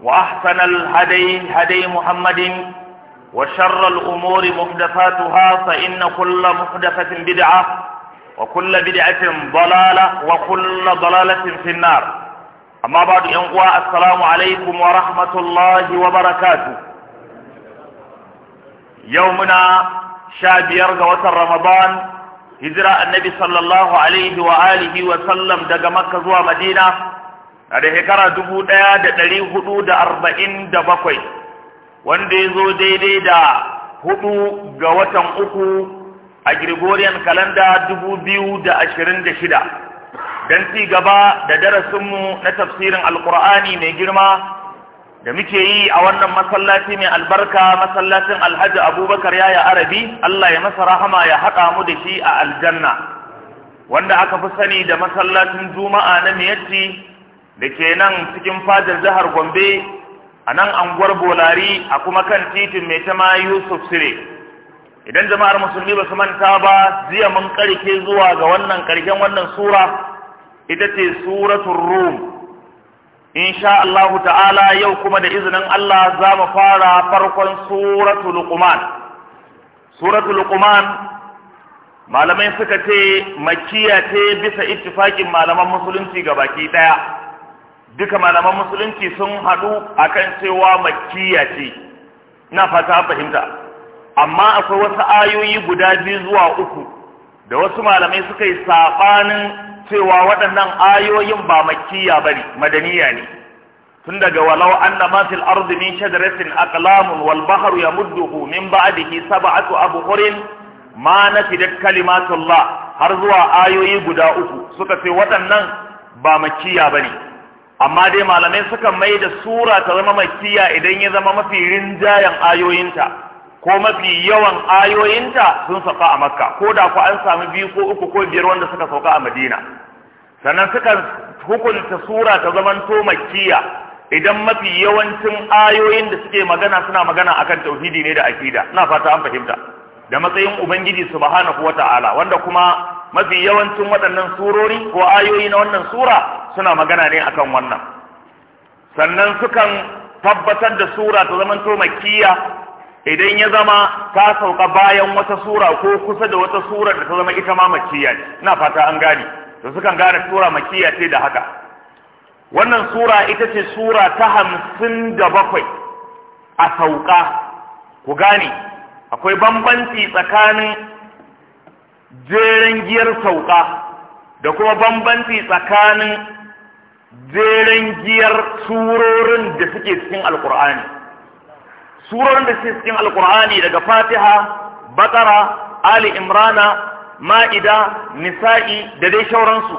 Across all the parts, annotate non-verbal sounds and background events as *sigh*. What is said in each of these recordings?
وأحسن الهدي هدي محمد وشر الأمور محدثاتها فإن كل محدثة بدعة وكل بدعة ضلالة وكل ضلالة في النار أما بعد إنقوى السلام عليكم ورحمة الله وبركاته يومنا شابير قوة رمضان هجرة النبي صلى الله عليه وآله وسلم دق مكة زوى مدينة a da shekara dubu ɗaya da ɗari hudu da arba'in da bakwai wanda ya zo daidai da hudu ga watan uku a gregorian kalanda dubu biyu da ashirin da shida don ci gaba da darasinmu na tafsirin alkur'ani mai girma da muke yi a wannan masallaci mai albarka masallacin alhaji abubakar yaya arabi allah ya masa rahama ya haɗa mu da shi a aljanna wanda aka fi sani da masallacin juma'a na miyatti da ke nan cikin fadar jihar gombe a nan anguwar bolari a kuma kan titin mai tama yusuf sire idan jama'ar musulmi ba su manta ba jiya mun karke zuwa ga wannan karken wannan sura ita ce suratul rum insha Allah ta'ala yau kuma da izinin Allah za mu fara farkon suratul luqman suratul luqman malamai suka ce makiya ce bisa ittifakin malaman musulunci ga baki ɗaya. duka malaman musulunci sun haɗu a kan cewa makiyya ce na fata fahimta amma akwai wasu ayoyi guda biyu zuwa uku da wasu malamai suka yi saɓanin cewa waɗannan ayoyin ba makiyya ba ne madaniya ne tun daga walau an na fil ardi min shajaratin aqlamun wal ya mudduhu min ba'dihi sab'atu abhurin ma nafidat kalimatullah har zuwa ayoyi guda uku suka ce waɗannan ba ba ne. amma dai malamai sukan mai da sura ta zama makiya idan ya zama mafi rinjayen ayoyinta ko mafi yawan ayoyinta sun sauka a makka ko da ku an sami biyu ko uku ko biyar wanda suka sauka a madina sannan sukan hukunta sura ta zamanto makiya idan mafi yawancin ayoyin da suke magana suna magana akan tauhidi ne da akida ina fata an fahimta da matsayin ubangiji subhanahu wata'ala wanda kuma mafi yawancin waɗannan surori ko ayoyi na wannan sura suna magana ne akan wannan sannan sukan tabbatar da sura ta zama to idan ya zama ta sauka bayan wata sura ko kusa da wata sura da ta zama ita ma makkiya ce ina fata an gane to sukan gane sura makkiya ce da haka wannan sura ita ce sura ta hamsin da bakwai a sauka ku gane akwai bambanci tsakanin jeren giyar sauka da kuma bambanci tsakanin jeren giyar surorin da suke cikin alkur'ani surorin da suke cikin alkur'ani daga fatiha bakara ali imrana ma'ida nisa'i da dai shauransu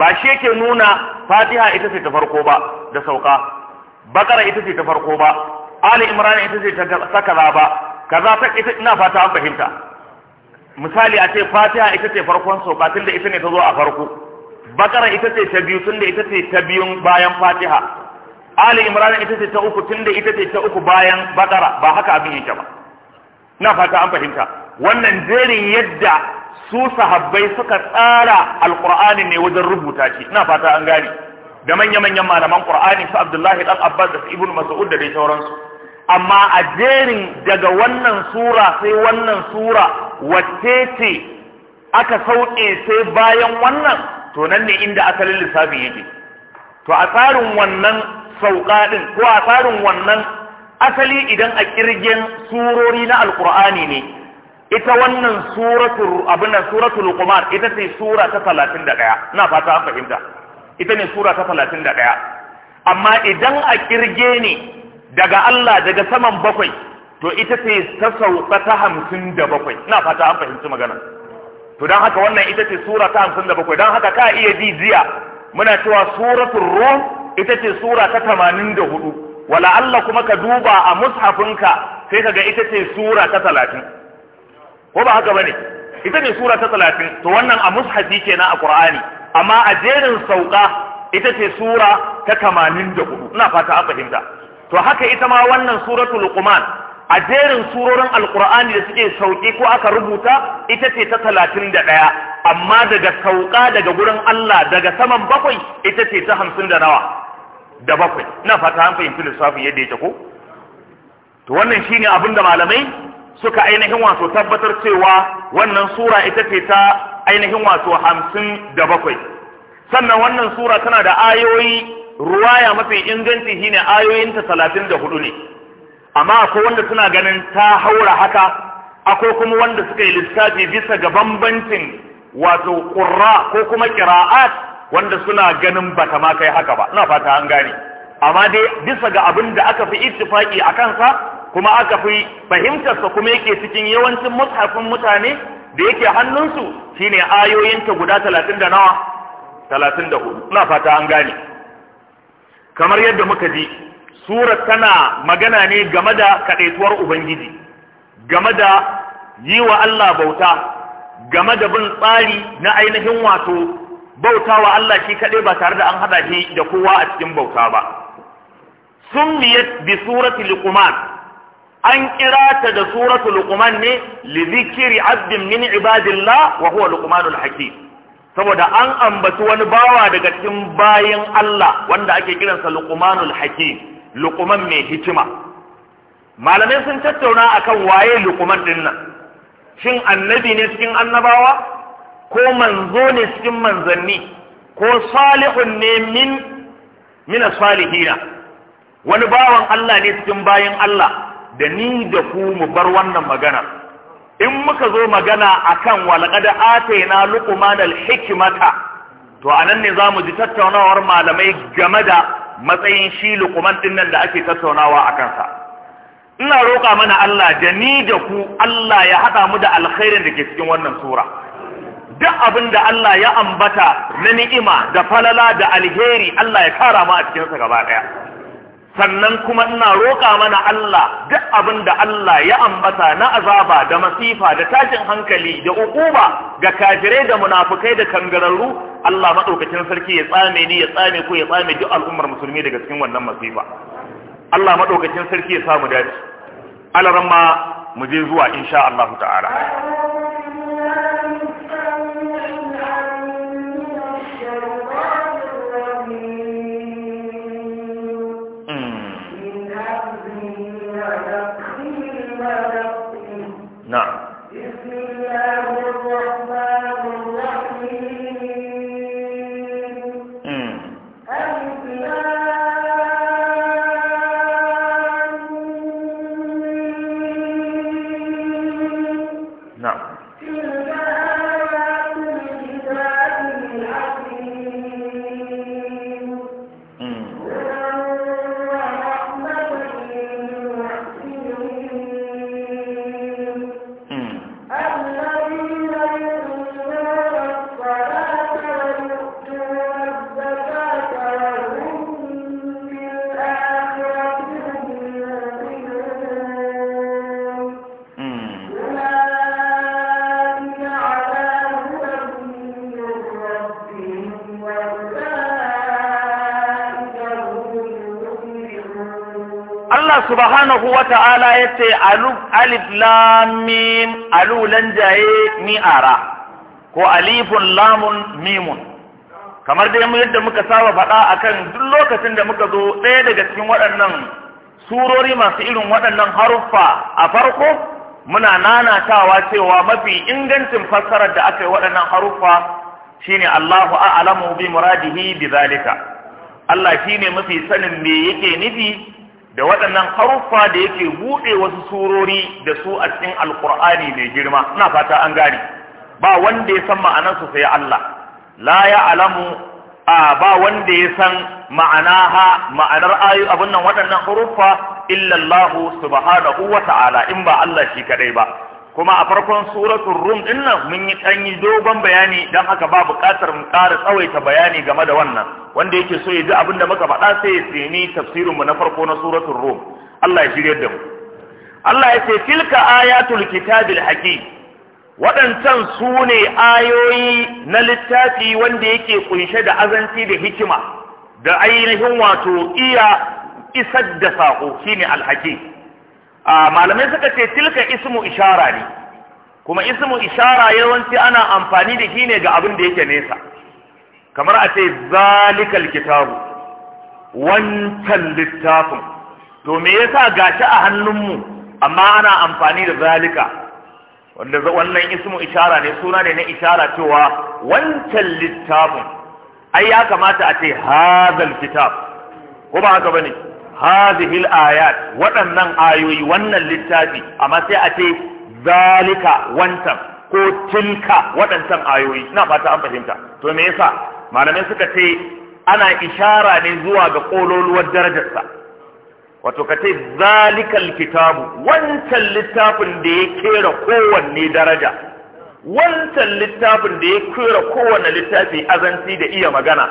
ba shi yake nuna fatiha ita ce ta farko ba da sauka bakara ita ce ta farko ba ali imrana ita ce ta sakaza ba kaza ta ina fata an fahimta misali a ce fatiha ita ce farkon sauka tun da ita ne ta zo a farko bakara ita ce ta biyu tun da ita ce ta biyun bayan fatiha ali imran ita ce ta uku tun da ita ce ta uku bayan bakara ba haka abin yake ba na fata an fahimta wannan jerin yadda su sahabbai suka tsara alqur'ani ne wajen rubuta shi na fata an gane da manya-manyan malaman qur'ani su abdullahi dan abbas da ibnu mas'ud da dai sauransu amma a jerin daga wannan sura sai wannan sura wacce ce aka sauke sai bayan wannan to nan ne inda asalin lissafin yake to a tsarin wannan sauka din ko a tsarin wannan asali idan a kirgen surori na alƙur'ani ne ita wannan suratul abin suratul qumar ita ce sura ta 31 ina fata an fahimta ita ne sura ta 31 amma idan a kirge ne daga Allah daga saman bakwai to ita ce ta sauka ta hamsin da bakwai ina fata an fahimci magana to don haka wannan ita ce sura ta hamsin da bakwai don haka ka iya ji jiya muna cewa suratul rum ita ce sura ta tamanin da hudu wala Allah kuma ka duba a mushafinka sai ka ga ita ce sura ta talatin ko ba haka bane ita ne sura ta talatin to wannan a mushafi kenan a qur'ani amma a jerin sauka ita ce sura ta tamanin da hudu ina fata an fahimta to haka ita ma wannan suratul luqman a jerin surorin alqur'ani da suke sauki ko aka rubuta ita ce ta 31 amma daga sauka daga gurin Allah daga saman bakwai ita ce ta 50 da nawa da bakwai na fata an fahimci lissafin yadda yake ko to wannan shine abin da malamai suka ainihin wato tabbatar cewa wannan sura ita ce ta ainihin wato 57 sannan wannan sura tana da ayoyi ruwaya mafi inganci shine ayoyinta talatin da hudu ne amma akwai wanda suna ganin ta haura haka akwai kuma wanda suka yi lissafi bisa ga bambancin wato ƙurra ko kuma ƙira'at wanda suna ganin bata ma kai haka ba ina fata an gane amma dai bisa ga abin da aka fi ittifaki a kansa kuma aka fi fahimtarsa kuma yake cikin yawancin mushafin mutane da yake hannunsu shine ayoyinta guda talatin da nawa talatin da hudu ina fata an gane kamar yadda muka ji surar tana magana ne game da kaɗaituwar ubangiji game da yi wa Allah bauta game da bin tsari na ainihin wato bauta wa Allah shi kaɗai ba tare da an haɗa shi da kowa a cikin bauta ba summiyat bi surati luqman an kira ta da suratu luqman ne li zikiri abdin min ibadillah wa huwa luqmanul hakim saboda an ambaci wani bawa daga cikin bayan Allah wanda ake kiransa luqmanul hakim luqman mai hikima malamai sun tattauna akan waye luqman din nan shin annabi ne cikin annabawa ko manzo ne cikin manzanni ko salihun ne min min salihina wani bawan Allah ne cikin bayan Allah da ni da ku mu bar wannan magana in muka zo magana akan walqad atayna luqman alhikmata to anan ne zamu ji tattaunawar malamai game da matsayin shi luqman din nan da ake tattaunawa a kansa? ina roƙa mana Allah da ni da ku Allah ya haɗa mu da alkhairin da ke cikin wannan sura duk abin da Allah ya ambata na ni'ima da falala da alheri Allah ya kara mu a cikinsa gaba ɗaya sannan kuma ina roƙa mana Allah duk abin da Allah ya ambata na azaba da masifa da tashin hankali da ukuba ga kafire, da munafukai da kangararru Allah madaukakin sarki ya tsame ni ya tsame ku ya tsame duk al'ummar musulmi daga cikin wannan masifa Allah madaukakin sarki ya samu dace alaran mu je zuwa insha Allah ta'ala na'am Allah subhanahu wa ta'ala ya ce alif lamim alulan jaye mi'ara ko alifun lamun mimun kamar dai mu yadda muka saba faɗa akan duk lokacin da muka zo ɗaya daga cikin waɗannan surori masu irin waɗannan haruffa a farko muna nanatawa cewa mafi ingancin fassarar da aka yi waɗannan haruffa shine Allahu a'lamu bi muradihi bi zalika Allah shine mafi sanin me yake nufi da waɗannan haruffa da yake buɗe wasu surori da su a cikin alkur'ani mai girma ina fata an gane ba wanda ya san ma'anarsu sai Allah la ya alamu a ba wanda ya san ma'anaha ma'anar ayu abin nan waɗannan haruffa illa Allah subhanahu wa ta'ala in ba Allah shi kadai ba kuma a farkon suratul rum din nan mun yi ɗan yi dogon bayani don haka ba buƙatar mu ƙara tsawaita bayani game da wannan wanda yake so ya ji abin da muka faɗa sai ya tsini tafsirin mu na farko na suratul rum Allah ya shirye da mu Allah ya ce tilka ayatul kitabil hakim waɗancan su ne ayoyi na littafi wanda yake kunshe da azanci da hikima da ainihin wato iya isar da saƙo shine alhaki. malamai suka ce tilka ismu ishara ne kuma ismu ishara yawanci ana amfani da shi ne ga abin da yake nesa kamar a ce zalikal kitabu wancan littafin to me yasa gashi a hannunmu amma ana amfani da zalika wanda wannan ismu ishara ne suna ne na ishara cewa wancan littafin ai ya kamata a ce hazal kitab ko ba haka bane hadhihi ayat waɗannan ayoyi wannan littafi amma sai a ce zalika wancan ko tilka waɗancan ayoyi ina fata an fahimta to me yasa malamai suka ce ana ishara ne zuwa ga kololuwar darajarsa wato ka ce zalikal kitabu wancan littafin da ya kera kowanne daraja wancan littafin da ya kera kowanne littafi azanci da iya magana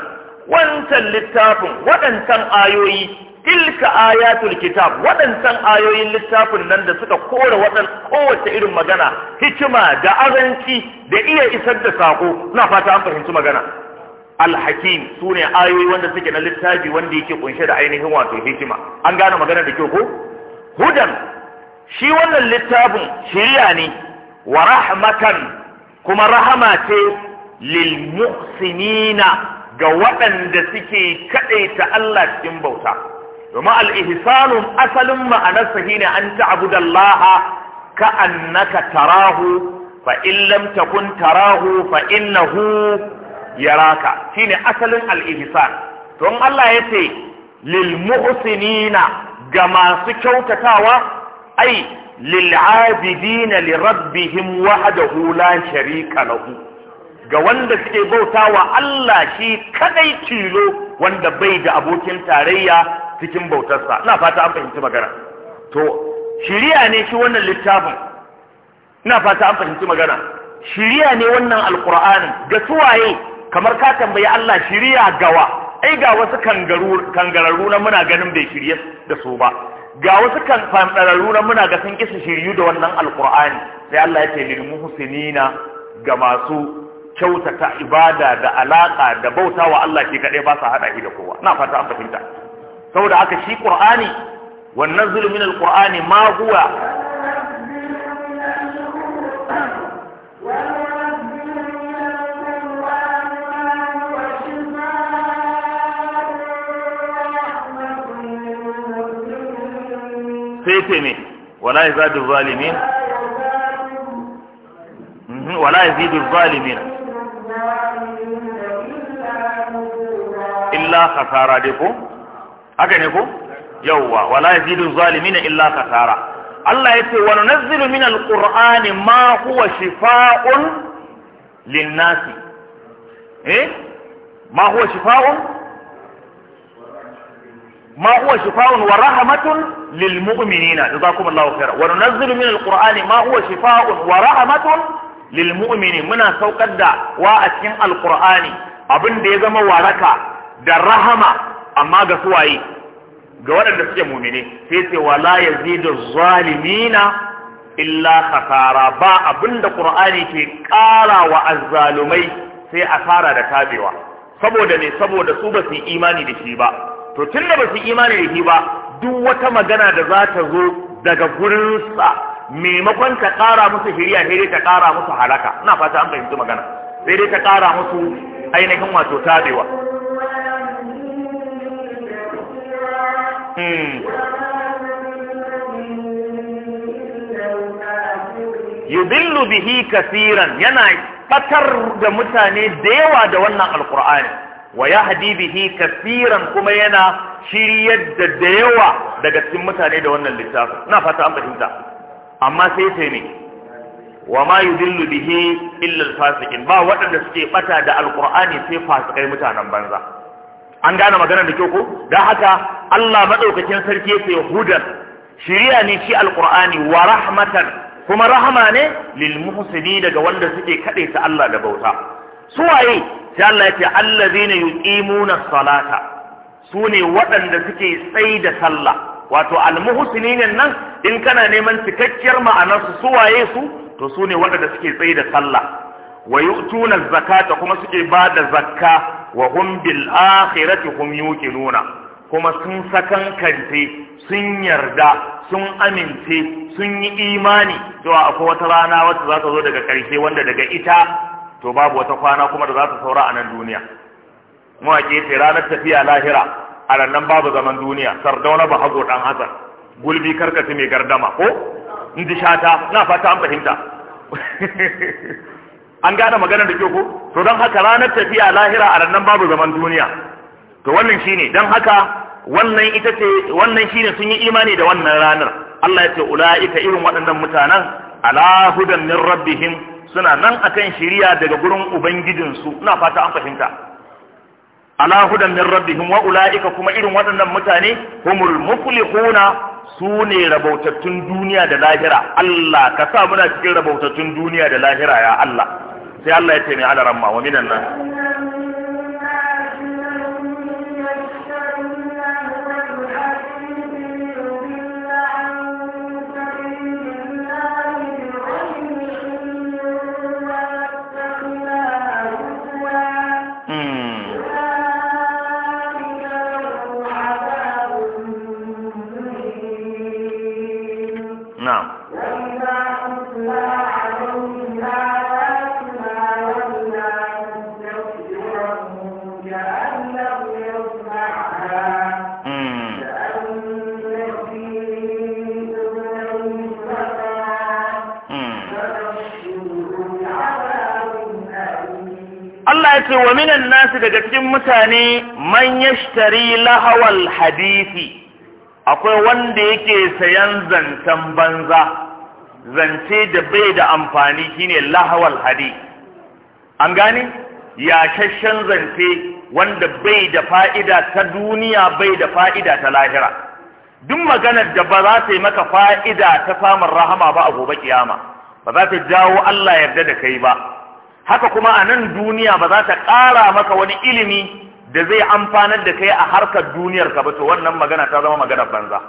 wancan littafin waɗancan ayoyi tilka ayatul kitab waɗansan ayoyin littafin nan da suka kore waɗan kowace irin magana hikima da azanci da iya isar da sako na fata an fahimci magana alhakim su ne ayoyi wanda suke na littafi wanda yake kunshe da ainihin wato hikima an gane magana da kyau ko hudan shi wannan littafin shiriya ne wa rahmatan kuma rahama ce lil ga waɗanda suke kaɗaita Allah cikin bauta domin al asalin ma'anarsa ne an ta'budallaha ka annaka tarahu fa in takun tarahu fa innahu Shi shine asalin al don Allah ya lil muhsinina ga masu kyautatawa ai lil abidina li hula wahdahu sharika lahu ga wanda suke bautawa Allah shi kadai tilo wanda bai da abokin tarayya cikin bautarsa ina fata an fahimci magana to shiriya ne shi wannan littafin ina fata an fahimci magana shiriya ne wannan alqur'anin ga suwaye kamar ka tambayi Allah shiriya gawa ai ga wasu kangaru kangararru na muna ganin bai shirye da su ba ga wasu kan fandararru na muna ga sun kisa shiriyu da wannan alqur'ani sai Allah ya ce lil muhsinina ga masu kyautata ibada da alaka da bautawa Allah ke kadai ba sa hada shi da kowa na fata an fahimta saboda aka shi qur'ani wannan nazlu min alqur'ani ma huwa sai ce me wala yazadu zalimin ولا يزيد الظالمين إلا haka ne ko yawwa wala yazidu zalimina illa kasara Allah yace wa nunazzilu min alqur'ani ma huwa shifaa'un linnasi eh ma huwa shifaa'un ma huwa shifaa'un wa rahmatun lilmu'minina jazakumullahu khairan wa nunazzilu min alqur'ani ma huwa shifaa'un wa rahmatun lilmu'minin muna saukar da wa a cikin alqur'ani abin da ya zama waraka da rahama amma ga suwaye ga waɗanda suke mumine sai ce wala yazidu zalimina illa khasara ba abinda qur'ani ke ƙarawa wa azzalumai sai asara da tabewa saboda ne saboda su ba su yi imani da shi ba to tunda ba su yi imani da shi ba duk wata magana da za ta zo daga gurinsa maimakon ta ƙara musu hiriya sai dai ta ƙara musu halaka ina fata an fahimci magana sai dai ta ƙara musu ainihin wato tabewa Hmm. yudillu bihi kasiran yana batar da mutane da yawa da wannan alkur'ani wa yahdi bihi kasiran kuma yana shiryar da da yawa daga cikin mutane da wannan littafi ina fata an fahimta amma sai sai ne wa ma yudillu bihi illa alfasiqin ba waɗanda suke bata da alkur'ani sai fasikai mutanen banza an gane maganar da kyau ko don haka Allah maɗaukacin sarki yake hudar. Shirya ne shi alqur'ani wa rahmatan kuma rahama ne lil muhsini daga wanda suke kaɗe ta Allah da bauta su waye sai Allah ya ce allazina yuqimuna salata su ne waɗanda suke tsayi da sallah wato al muhsinin nan in kana neman cikakkiyar ma'anar su waye su to su ne waɗanda suke tsayi da sallah wa yu'tuna zakata kuma suke ba da zakka wa hum bil akhirati hum yuqinuna kuma sun sakankance sun yarda sun amince sun yi imani to akwai wata rana wacce za ta zo daga karshe wanda daga ita to babu wata kwana kuma da za ta saura a nan duniya mawaƙi ce ranar tafiya lahira a rannan babu zaman duniya sardauna ba hago ɗan hasan gulbi ci mai gardama ko in shata na fata an fahimta *laughs* an gane maganar da kyau ko to don haka ranar tafiya lahira a ranar babu zaman duniya to wannan shine don haka wannan ita ce wannan shine sun yi imani da wannan ranar Allah ya ce ula'ika irin waɗannan mutanen ala hudan min rabbihim suna nan akan shiriya daga gurin su ina fata an fahimta ala hudan min rabbihim wa ula'ika kuma irin waɗannan mutane humul muflihuna su ne rabautattun duniya da lahira Allah ka sa muna cikin rabautattun duniya da lahira ya Allah sai Allah ya ce mai ala ramma wa minan ce wa minan nasu daga cikin mutane man yashtari lahawal hadisi akwai wanda yake sayan zancen banza zance da bai da amfani shine lahawal hadisi an gane yashashen zance wanda bai da fa'ida ta duniya bai da fa'ida ta lahira duk maganar da ba za ta yi maka fa'ida ta samun rahama ba a gobe kiyama ba za ta jawo Allah yarda da kai ba haka kuma a nan duniya ba za ta ƙara maka wani ilimi da zai amfanar da kai a harkar duniyar ka ba to wannan magana ta zama magana banza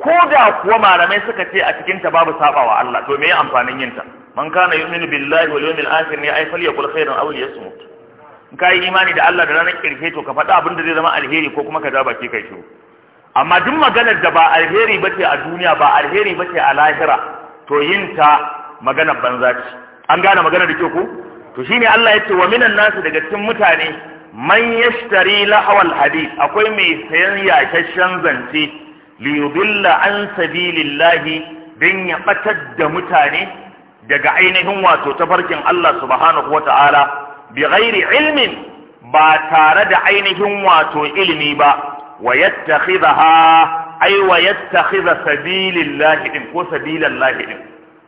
ko da kuwa malamai suka ce a cikin ta babu sabawa Allah to me ya amfanin yin ta man kana yu'minu billahi wal yawmil akhir ne ai falyakul khairan aw liyasmut in kai imani da Allah da ranar kirke to ka faɗa abin da zai zama alheri ko kuma ka ja baki kai to amma duk maganar da ba alheri bace a duniya ba alheri bace a lahira to yin ta maganar banza ce an gane magana da kyau ku to shine Allah ya ce wa minan nasu daga cikin mutane man yashtari lahawal hadith akwai mai sayan yakashen zance li yudilla an sabilillahi dan ya batar da mutane daga ainihin wato tafarkin Allah subhanahu wata'ala bi ghairi ilmin ba tare da ainihin wato ilimi ba wa yattakhidha ay wa yattakhidha sabilillahi din ko sabilillahi din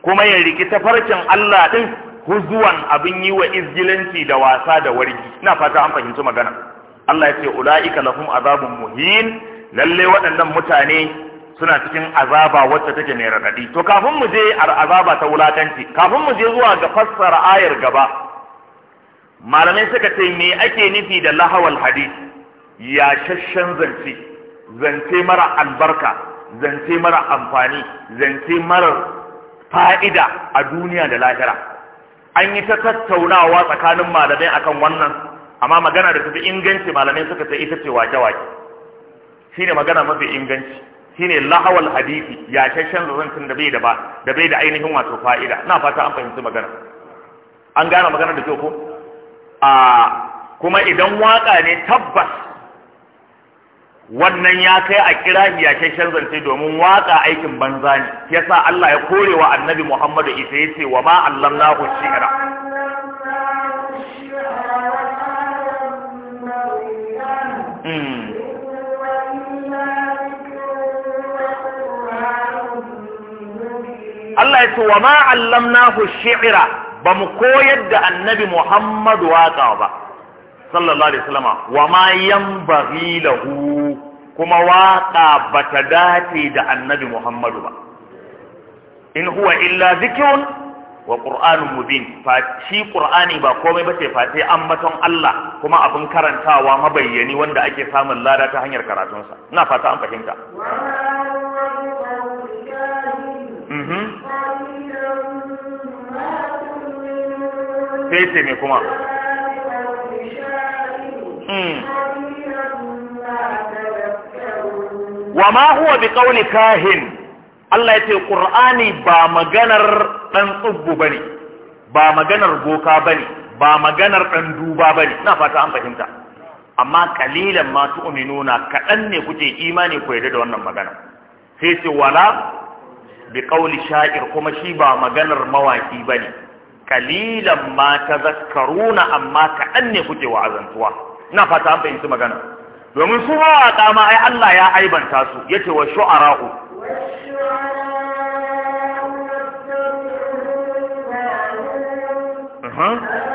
kuma ya riki tafarkin Allah din huzuwan abin yi wa izgilanci da wasa da wargi ina fata an fahimci magana Allah ya ce ulaika lahum azabun muhin lalle waɗannan mutane suna cikin azaba wacce take ne radadi to kafin mu je azaba ta wulatanci kafin mu je zuwa ga fassara ayar gaba malamai suka ce me ake nufi da lahawal hadith ya shashshan zance zance mara albarka zance mara amfani zance mara fa'ida a duniya da lahira an yi ta tattaunawa tsakanin malamai akan wannan amma magana da tafi inganci malamai suka ce ita ce wake-wake ne magana mafi inganci Shi ne lahawal hadisi ya shashen zancin da bai da ba da bai da ainihin wato fa'ida na fata an fahimci magana an gane magana da kyau ko a kuma idan waka ne tabbas wannan ya kai a kira hiyashashen zance domin waka aikin banza ne yasa Allah ya kore wa annabi Muhammadu Isa ya ce wa ma allamnahu shi'ra hmm. Allah ya ce wa ma allamnahu shi'ra ba mu koyar da annabi Muhammadu waka ba sallallahu alaihi wasallama wa ma yanbaghi lahu kuma waka bata dace da annabi Muhammadu ba in huwa illa zikrun wa qur'anun mubin fa shi qur'ani ba komai bace fa sai ambaton Allah kuma abin karantawa mabayyani wanda ake samun lada ta hanyar karatun sa. ina fata an fahimta mhm sai ce me kuma Mm. wa ma huwa bi qawli kahin Allah yace Qur'ani ba maganar dan tsubbu bane ba maganar boka bane ba maganar dan duba bane ina fata an fahimta amma kalilan ma tu'minuna kadan ne kuke imani ku yarda da wannan magana sai ce wala bi qawli sha'ir kuma shi ba maganar mawaki bane kalilan ma tazakkaruna amma kadan ne kuke wa'azantuwa ina fata an fahimci magana domin su mawaƙa ma ai Allah ya aibanta su yake wa shu'ara'u uh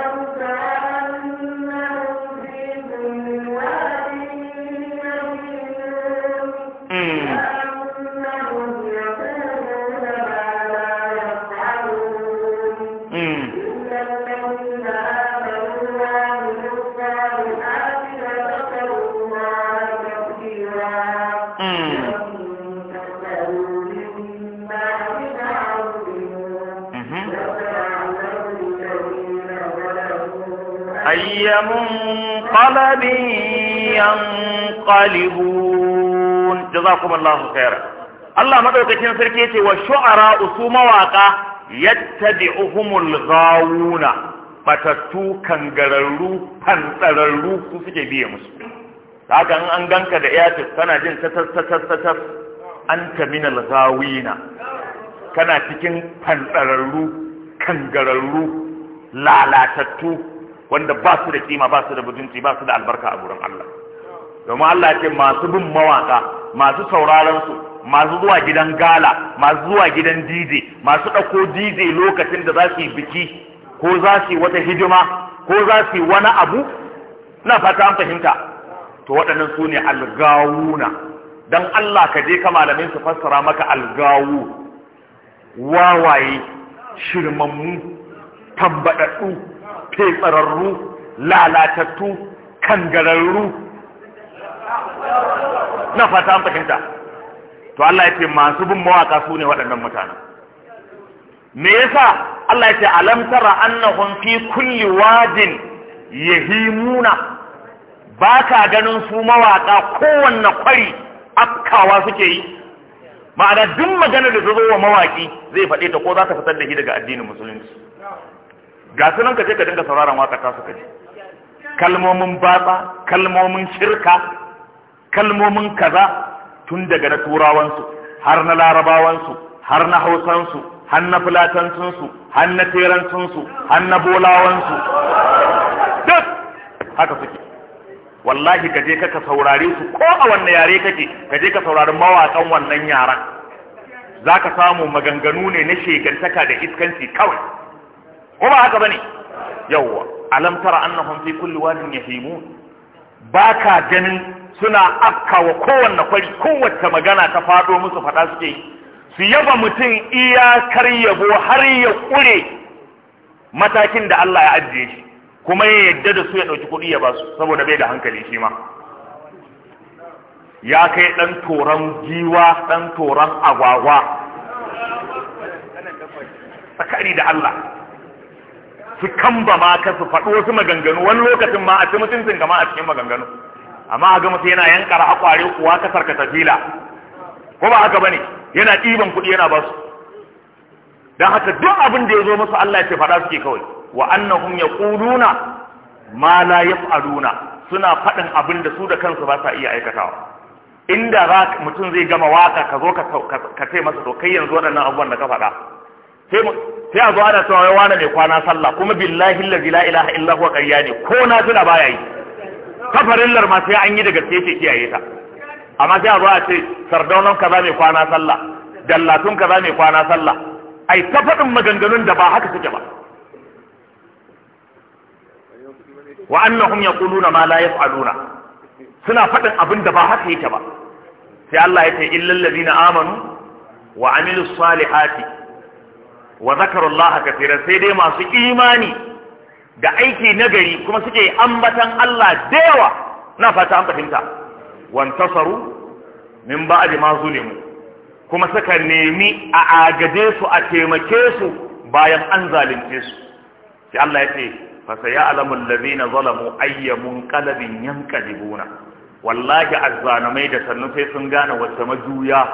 أي منقلب ينقلبون جزاكم الله خيرا الله mawaƙa سركيتي والشعراء سومواقع يتبعهم الغاوون batattu kangararru fantsararru su suke biye musu haka in an ganka da iya kana jin tatas an ta minal gawina kana cikin fantsararru kangararru lalatattu wanda ba su da kima ba su da mutunci ba su da albarka a gurin Allah domin Allah ce masu bin mawaka masu sauraron su masu zuwa gidan gala masu zuwa gidan DJ masu ɗauko DJ lokacin da za su biki ko za su wata hidima ko za su wani abu na fata an fahimta to waɗannan su ne algawuna dan Allah ka je ka malamin su fassara maka algawu wawaye shirmammu tambaɗaɗɗu tsararru lalatattu kangararru na fata an fahimta to Allah ya ce masu bin mawaka su ne waɗannan mutanen me yasa Allah ya ce alam tara annahum fi kulli wadin yahimuna ba ka ganin su mawaka kowanne kwari afkawa suke yi ma'ana duk maganar da ta zo wa mawaki zai faɗe ta ko za ta fitar da shi daga addinin musulunci ga sunan ka je ka dinga sauraron waka ta su kaji kalmomin batsa kalmomin shirka kalmomin kaza tun daga na turawansu har na larabawansu har na hausansu har na fulatansunsu har na teransunsu har na bolawansu duk haka suke wallahi ka je ka ka saurare su ko a wanne yare kake ka je ka saurari mawaƙan wannan yaran za ka samu maganganu ne na shegantaka da iskanci kawai ko ba haka bane yawwa alam tara annahum fi kulli wadin yahimun baka ganin suna afkawa kowanne kwari kowace magana ta fado musu fada suke su yaba mutum iyakar yabo har ya kure matakin da Allah ya ajiye shi kuma ya yadda da su ya ɗauki kuɗi ya basu saboda bai da hankali shi ma ya kai ɗan toran giwa ɗan toran agwagwa tsakari da Allah su kamba ma ka su faɗo wasu maganganu wani lokacin ma a ci mutuncin gama a cikin maganganu amma a ga mutu yana yankar hakware kuwa kasar ka tafila ko ba haka bane yana ɗiban kuɗi yana basu don haka duk abin da ya zo musu Allah ce faɗa suke kawai wa annahum yaquluna ma la yaf'aluna suna faɗin abin da su da kansu ba sa iya aikatawa inda za mutum zai gama waka ka zo ka ce masa to kai yanzu waɗannan abubuwan da ka faɗa sai a zo ana cewa wai wani mai kwana sallah kuma billahi allazi la ilaha illa huwa ƙarya ne ko na tuna baya yi kafarillar ma sai an yi daga gaske ce kiyaye ta amma sai a zo a ce sardaunan kaza mai kwana sallah dallatun kaza mai kwana sallah ai ta faɗin maganganun da ba haka suke ba wa annahum yaquluna ma la yaf'aluna suna fadin abin da ba haka yake ba sai Allah ya ce illal ladina amanu wa amilus salihati wa zakarullah kafiran sai dai masu imani da aiki nagari kuma suke ambatan Allah da yawa na fata an fahimta wantasaru min ba'di ma zulimu kuma suka nemi a agade su a taimake su bayan an zalunce su sai Allah ya ce fa sayalamu allazina zalamu ayyamun qalbin yanqalibuna wallahi azzanamai da sannu sai sun gane wata majuya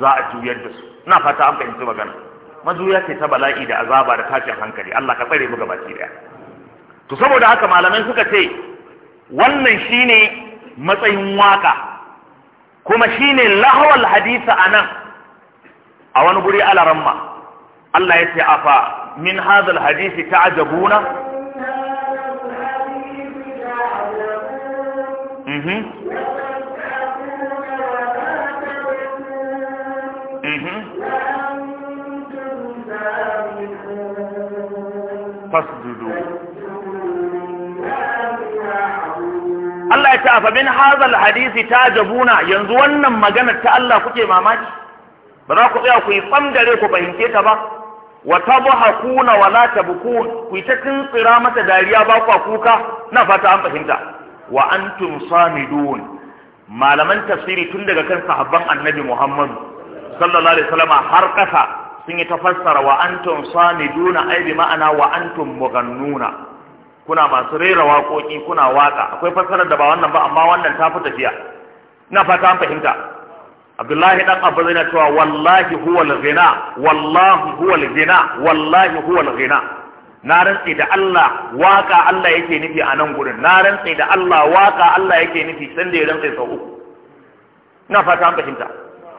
za a juyar da su ina fata an fahimci magana ya ce ta bala'i da azaba da tashin hankali Allah ka tsare mu gabaki daya to saboda haka malamai suka ce wannan shine matsayin waka kuma shine lahawal hadisa anan a wani guri alaramma Allah ya ce afa min hadal hadisi ta'jabuna mhm Allah ya ce a fabin hazal hadisi ta jabuna yanzu wannan magana ta Allah kuke mamaki ba za ku tsaya ku yi tsamgare ku fahimce ta ba wa kuna wa la buku. ku ta tsira mata dariya ba ku kuka na fata an fahimta wa antum samidun malaman tafsiri tun daga kan sahabban annabi Muhammadu sallallahu alaihi wasallam har kasa sun yi tafassara wa antum samiduna ai bi ma'ana wa antum mughannuna kuna masu rera waƙoƙi kuna waka akwai fassarar da ba wannan ba amma wannan ta fi tafiya ina fata an fahimta abdullahi dan abu na cewa wallahi huwal ghina wallahi huwal ghina wallahi al ghina na rantsi da Allah waka Allah yake nufi a nan gurin na rantsi da Allah waka Allah yake nufi san da ya rantsi sau uku ina fata an fahimta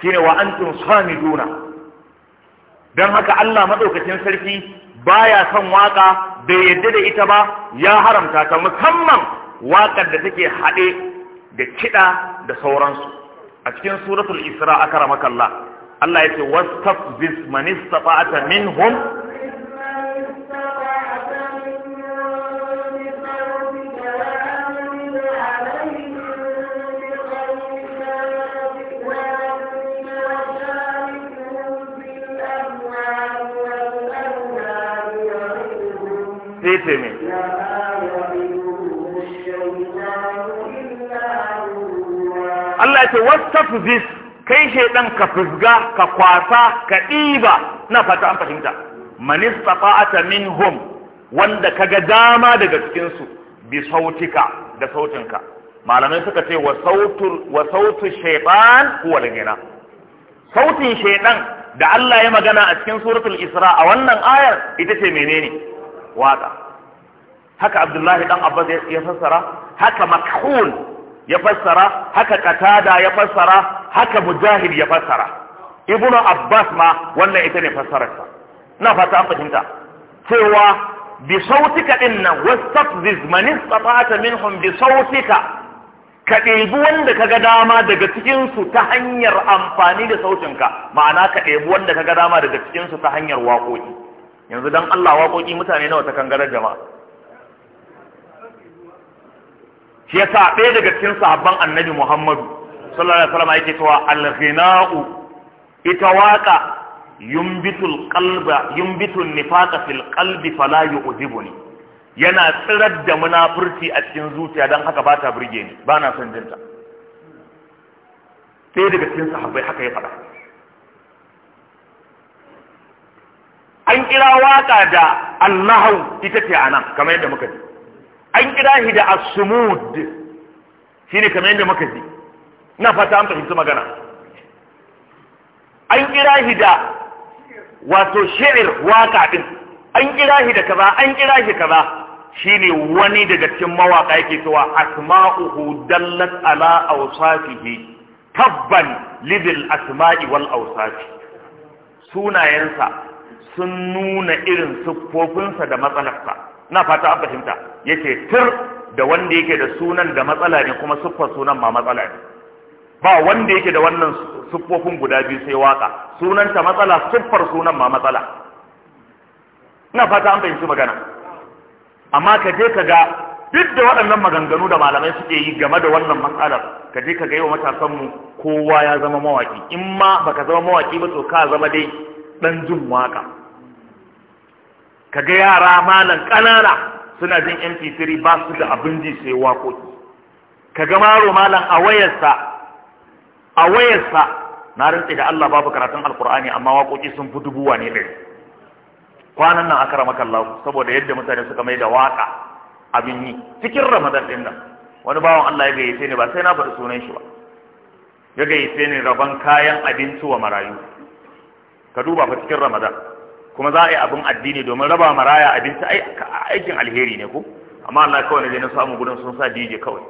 shine wa antum samiduna don haka Allah maɗaukacin sarki baya son waka bai yadda da ita ba ya haramta ta musamman wakar da take haɗe da kiɗa da sauransu a cikin suratul isra aka kalla. Allah ya ce wastafzis man minhum sai ce mai Allah ya ce wastafzis kai shaidan ka fusga ka kwasa ka ɗiba na fata an fahimta manistafa'ata minhum wanda kaga dama daga cikin su bi sautika da sautinka malamai suka ce wa sautul wa sautu shaytan huwa lagina sautin shaytan da Allah ya magana a cikin suratul Isra a wannan ayar ita ce menene waka haka abdullahi dan abbas ya fassara haka Makhun ya fassara haka Katada ya fassara haka mujahid ya fassara ibnu abbas ma wannan ita ne fassararsa na fata an fahimta cewa bi sautika din nan man istata'a minhum bi sautika ka ɗebi wanda ka ga dama daga cikinsu ta hanyar amfani da sautinka ma'ana ka ɗebi wanda ka ga dama daga cikinsu ta hanyar waƙoƙi yanzu dan Allah waƙoƙi mutane nawa ta kangarar jama'a shi sa ɗaya daga cikin sahabban annabi Muhammadu sallallahu alaihi wasallam yake cewa al-ghina'u ita waƙa yumbitul qalba yumbitun nifaqa fil qalbi fala yu'jibuni yana tsirar da munafurci a cikin zuciya don haka ba ta burge ni ba na son jinta sai daga cikin sahabbai haka ya faɗa an kira waka da allahu ita ce anan kamar yadda muka ji an kira shi da asumud shine kamar yadda muka ji ina fata an fahimci magana an kira shi da wato shi'ir waka din an kira shi da kaza an kira shi kaza shine wani daga cikin mawaka yake cewa asma'uhu dallat ala awsafihi tabban lidil asma'i wal awsafi sunayensa sun nuna irin siffofinsa da matsalarsa na fata an fahimta Yake tir da wanda yake da sunan da matsala ne kuma siffar sunan ma matsala ne ba wanda yake da wannan siffofin guda biyu sai waka sunanta matsala siffar sunan ma matsala ina fata an fahimci magana amma ka je ka ga duk da waɗannan maganganu da malamai suke yi game da wannan matsalar ka je ka ga yau matasanmu kowa ya zama mawaki in ma baka zama mawaki ba to ka zama dai dan jin waka Ka ga yara malam ƙanana suna jin mp3 ba su da abin ji sai waƙoƙi kaga maro malan a wayarsa a wayarsa na rantse da Allah babu karatun alkur'ani amma waƙoƙi sun fi dubuwa ne ɗari kwanan nan aka ramaka Allah saboda yadda mutane suka mai da waƙa abin yi cikin ramadan ɗin nan wani bawan Allah ya gayyace ni ba sai na faɗi sunan shi ba ya gayyace ni rabon kayan abinci wa marayu ka duba fa cikin ramadan kuma za a yi abin addini domin raba maraya abinci aikin alheri ne ku? amma Allah kawai ne zai na samu gudun sun sa DJ kawai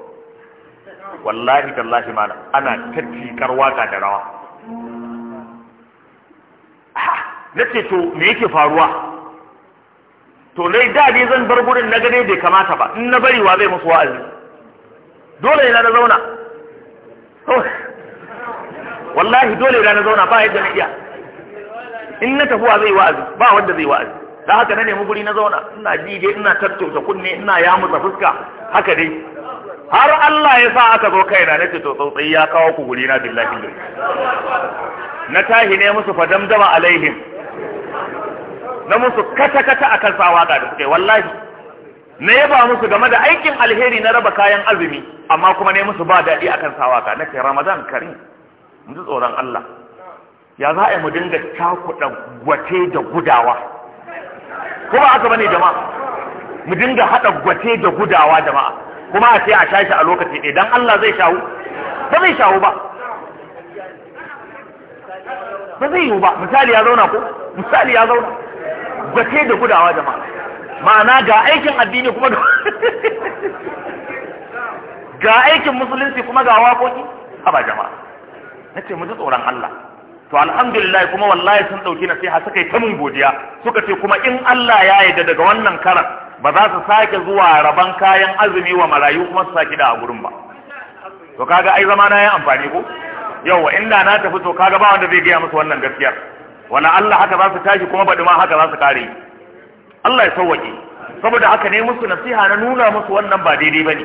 wallahi tallahi mala ana tattikar waka da rawa na ce to me yake faruwa to dai da dai zan bar gurin na gane bai kamata ba in na bari wa zai musu wa'azi dole ne na zauna wallahi dole ne na zauna ba yadda na iya in na tafiya zai wa'azi ba wanda zai wa'azi da haka na nemi guri na zauna ina jije ina tattauta kunne ina ya mutsa fuska haka dai har Allah ya sa aka zo kaina na ce to tsautsayi ya kawo ku guri na billahi na tahi ne musu fadamdama alaihim na musu kata kata akan sa waka da suke wallahi na yaba musu game da aikin alheri na raba kayan azumi amma kuma ne musu ba daɗi akan sa waka na ce ramadan karim mun ji tsoron Allah ya za a yi mu dinga cakuɗa gwate da gudawa ko ba haka bane jama'a mu dinga haɗa gwate da gudawa jama'a kuma a sai a sha shi a lokaci ɗaya don Allah zai shawo ba zai shawo ba ba zai yiwu ba misali ya zauna ko misali ya zauna gwate da gudawa jama'a ma'ana ga aikin addini kuma ga *laughs* aikin musulunci kuma ga waƙoƙi a ba jama'a na ce mu ji tsoron Allah to alhamdulillah kuma wallahi sun dauki nasiha suka yi ta mun godiya suka ce kuma in Allah ya yarda daga wannan karan ba za su sake zuwa raban kayan azumi wa marayu kuma su sake da a gurin ba to kaga ai zama na yi amfani ko yawa inda na tafi to kaga ba wanda zai gaya musu wannan gaskiyar wala Allah haka za su tashi kuma baɗi ma haka za su kare Allah ya sauwaƙe saboda haka ne musu nasiha na nuna musu wannan ba daidai bane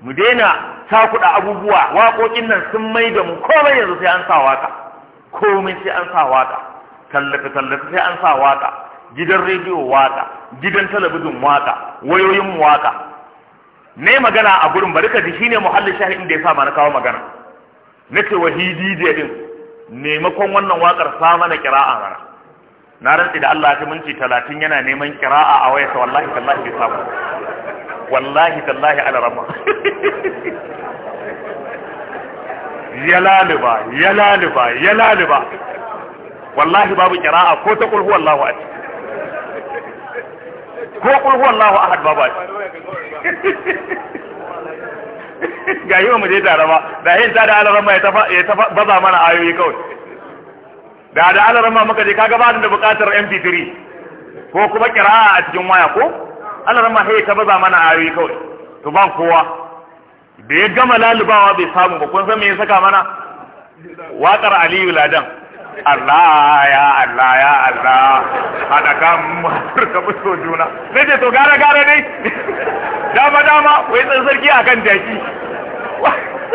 mu daina takuda abubuwa waƙoƙin nan sun mai da mu komai yanzu sai an sa waka komai sai an sa waka tallafe tallafe sai an sa waka gidan rediyo waka gidan talabijin waka wayoyin waka ne magana a gurin bari ka ji shine muhallin shahi inda ya sa mana kawo magana Na ce wa zai din maimakon wannan wakar sa mana kira'a mana na rantsi da Allah ta minti talatin yana neman kira'a a wayarsa wallahi tallahi bai samu wallahi tallahi ala rabba *laughs* ya laliba ya laliba ya laliba wallahi babu kira'a ko ta kulhu wallahu a ko kulhu wallahu ahad babu a *laughs* ga yi wa mu je tare ba da yin ta da alarama ya ta baza mana ayoyi kawai da da alarama muka je kaga ba da bukatar mp3 ko kuma kira'a a cikin waya ko alarama ya ta baza mana ayoyi kawai to ban kowa da ya gama lalubawa bai samu ba kun san me ya saka mana waƙar aliyu ladan Allah ya Allah ya Allah haɗa kan ka so juna na ce to gara gara dai *laughs* dama dama wai tsan sarki akan jaki